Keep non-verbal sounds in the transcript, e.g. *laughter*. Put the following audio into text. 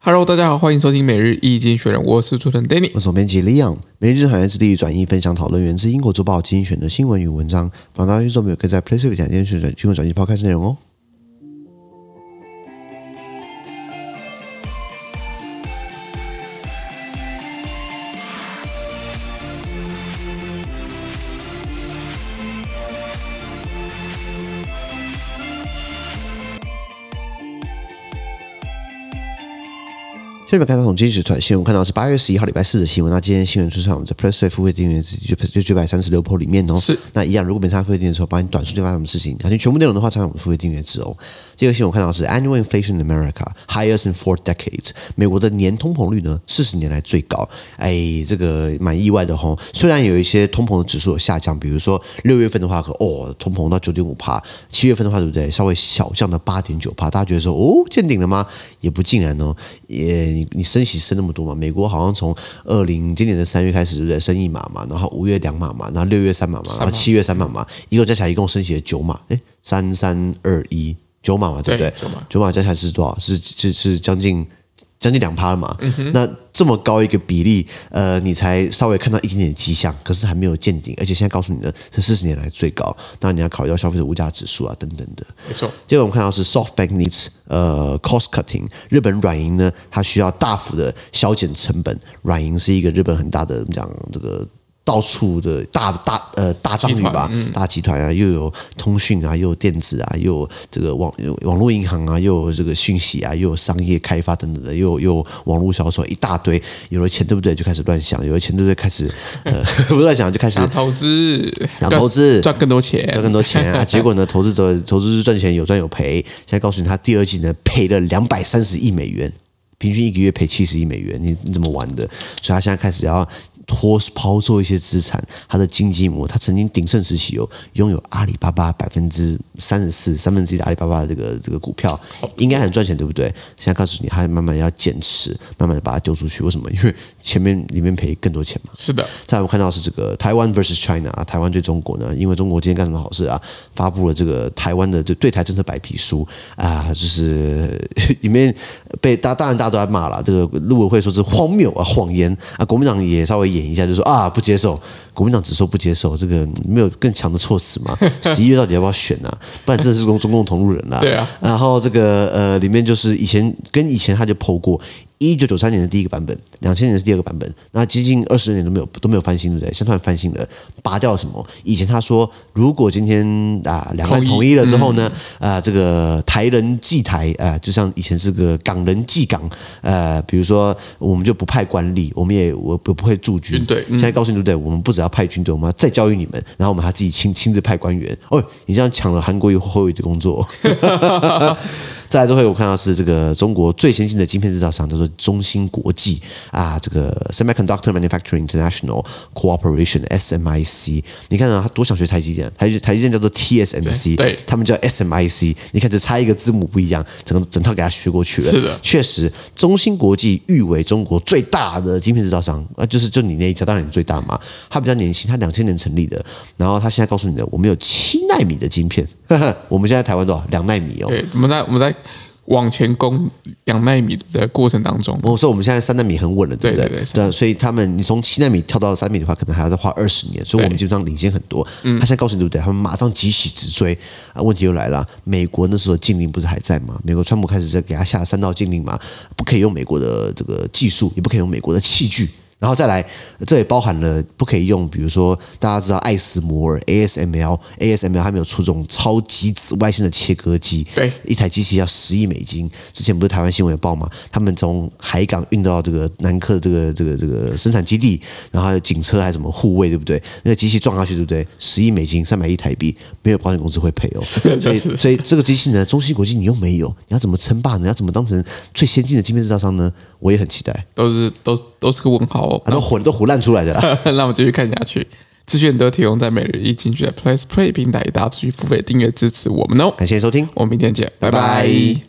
Hello，大家好，歡迎收聽每日一經濟學人，我是主持人 Danny，我是總編輯 Leon。每日日談來自利益轉移分享討論，源自英國週報《精選》的新聞與文章。廣大聽眾朋友可以在 PressPlay 點選進入，點擊付費式內容哦。這邊看到從經濟局傳新聞，看到是八月十一號禮拜四的新聞。那今天新聞出現，我們在 PressPlay 付費訂閱制就就九百三十六破裡面哦。是。那一樣，如果沒差付費訂閱的時候，幫你短數據發生什麼事情，而且全部內容的話，參考我們的付費訂閱制哦。這個新聞我看到是 Annual Inflation in America Highest in Four Decades，美國的年通膨率呢四十年來最高。哎，這個蠻意外的吼。雖然有一些通膨的指數有下降，比如說六月份的話可哦通膨到九點五帕，七月份的話對不對？稍微小降到八點九帕。大家覺得說哦見頂了嗎？也不盡然哦，也。你你升息升那麼多嘛？美國好像從二零今年的三月開始，對不對？升一碼嘛，然後五月兩碼嘛，然後六月三碼嘛，然後七月三碼嘛，一共加起來一共升息九碼，哎，三三二一九碼嘛，對不對？九碼，九碼加起來是多少？是是是將近，將近兩趴了嘛，嗯，那這麼高一個比例，呃，你才稍微看到一點點跡象，可是還沒有見頂，而且現在告訴你呢，是四十年來最高。那你要考慮到消費者物價指數啊等等的，沒錯。接着我們看到是 Soft Bank needs 呃 cost cutting，日本軟銀呢，它需要大幅的削減成本。軟銀是一個日本很大的，我們講這個。到處的大大呃大章魚吧，集團，嗯、大集團啊，又有通訊啊，又有電子啊，又有這個網網絡銀行啊，又有這個訊息啊，又有商業開發等等的，又有又有網絡銷售一大堆。有了錢對不對？就開始亂想，有了錢對不對？開始呃不亂 *laughs* 想就開始投資，想投資賺更多錢，賺更多錢啊！結果呢，投資者投資者賺錢有賺有賠。 *laughs* 現在告訴你，他第二季呢賠了兩百三十億美元。平均一個月賠七十億美元，你你怎麼玩的？所以他現在開始要拖拋售一些資產。他的經濟模，他曾經鼎盛時期有擁有阿里巴巴百分之三十四、三分之一的阿里巴巴的這個這個股票，應該很賺錢，對不對？現在告訴你，他還慢慢要減持，慢慢的把它丟出去。為什麼？因為前面裡面賠更多錢嘛。是的。再有看到的是這個台灣 vs. China 啊，台灣對中國呢，因為中國今天幹什麼好事啊？發布了這個台灣的對對台政策白皮書啊，就是裡面被大當然大。都在罵了，這個陸委會說是荒謬啊，謊言啊，國民黨也稍微演一下，就說啊，不接受。國民黨只說不接受，這個沒有更強的措辭嘛？十一月到底要不要選啊？不然這是跟中共同路人了，啊。對啊。然後這個呃，裡面就是以前跟以前他就剖過，一九九三年的第一個版本，兩千年是第二個版本，那接近二十年都沒有都沒有翻新，對不對？現在翻新了，拔掉了什麼？以前他說，如果今天啊兩岸統一了之後呢，啊、嗯呃、這個台人祭台啊、呃，就像以前是個港人祭港，呃，比如說我們就不派官吏，我們也我不不會駐軍。對、嗯。現在告訴你，對不對？我們不只要派軍隊，我們再教育你們，然後我們還自己親親自派官員。哦，你這樣搶了韓國瑜侯友宜的工作。 *laughs* *laughs* 再來最後，我看到是這個中國最先進的晶片製造商，叫做中芯國際啊，這個 Semiconductor Manufacturing International Cooperation SMIC。你看啊，他多想學台積電，台積台積電叫做 TSMC。對，對，他們叫 SMIC。你看這差一個字母不一樣，整個整套給他學過去了。是的，確實，中芯國際譽為中國最大的晶片製造商，啊，就是就你那一家，當然你最大嘛。他比較年輕，他兩千年成立的，然後他現在告訴你的，我們有七奈米的晶片，呵呵，我們現在在台灣多少？兩奈米哦。我們在我們在。往前攻兩奈米的過程當中，我說我們現在三奈米很穩了，對不對？對，對，對，所以他們，你從七奈米跳到三奈米的話，可能還要再花二十年。所以我們基本上領先很多。嗯。他現在告訴你對不對，他們馬上急起直追啊！問題又來了，美國那時候禁令不是還在嗎？美國川普開始在給他下了三道禁令嗎？不可以用美國的這個技術，也不可以用美國的器具。然後再來，這也包含了不可以用，比如說大家知道愛斯摩爾 ASML ASML 還沒有出這種超級紫外線的切割機，對，一台機器要十億美金。之前不是台灣新聞也報嘛，他們從海港運到這個南科的這個這個、這個、這個生產基地，然後警車還怎麼護衛，對不對？那個機器撞下去，對不對？十億美金，三百億台幣，沒有保險公司會賠哦。 *laughs* 所以所以這個機器呢，中芯國際你又沒有，你要怎麼稱霸呢？你要怎麼當成最先進的晶片制造商呢？我也很期待，都是都是都是個問號。很多混都胡亂出來的，那 *laughs* 我們繼續看下去。資訊都提供在每日一經濟的 PressPlay 平台，大家出去付費訂閱支持我們哦。感謝收聽，我們明天見，拜拜。拜拜。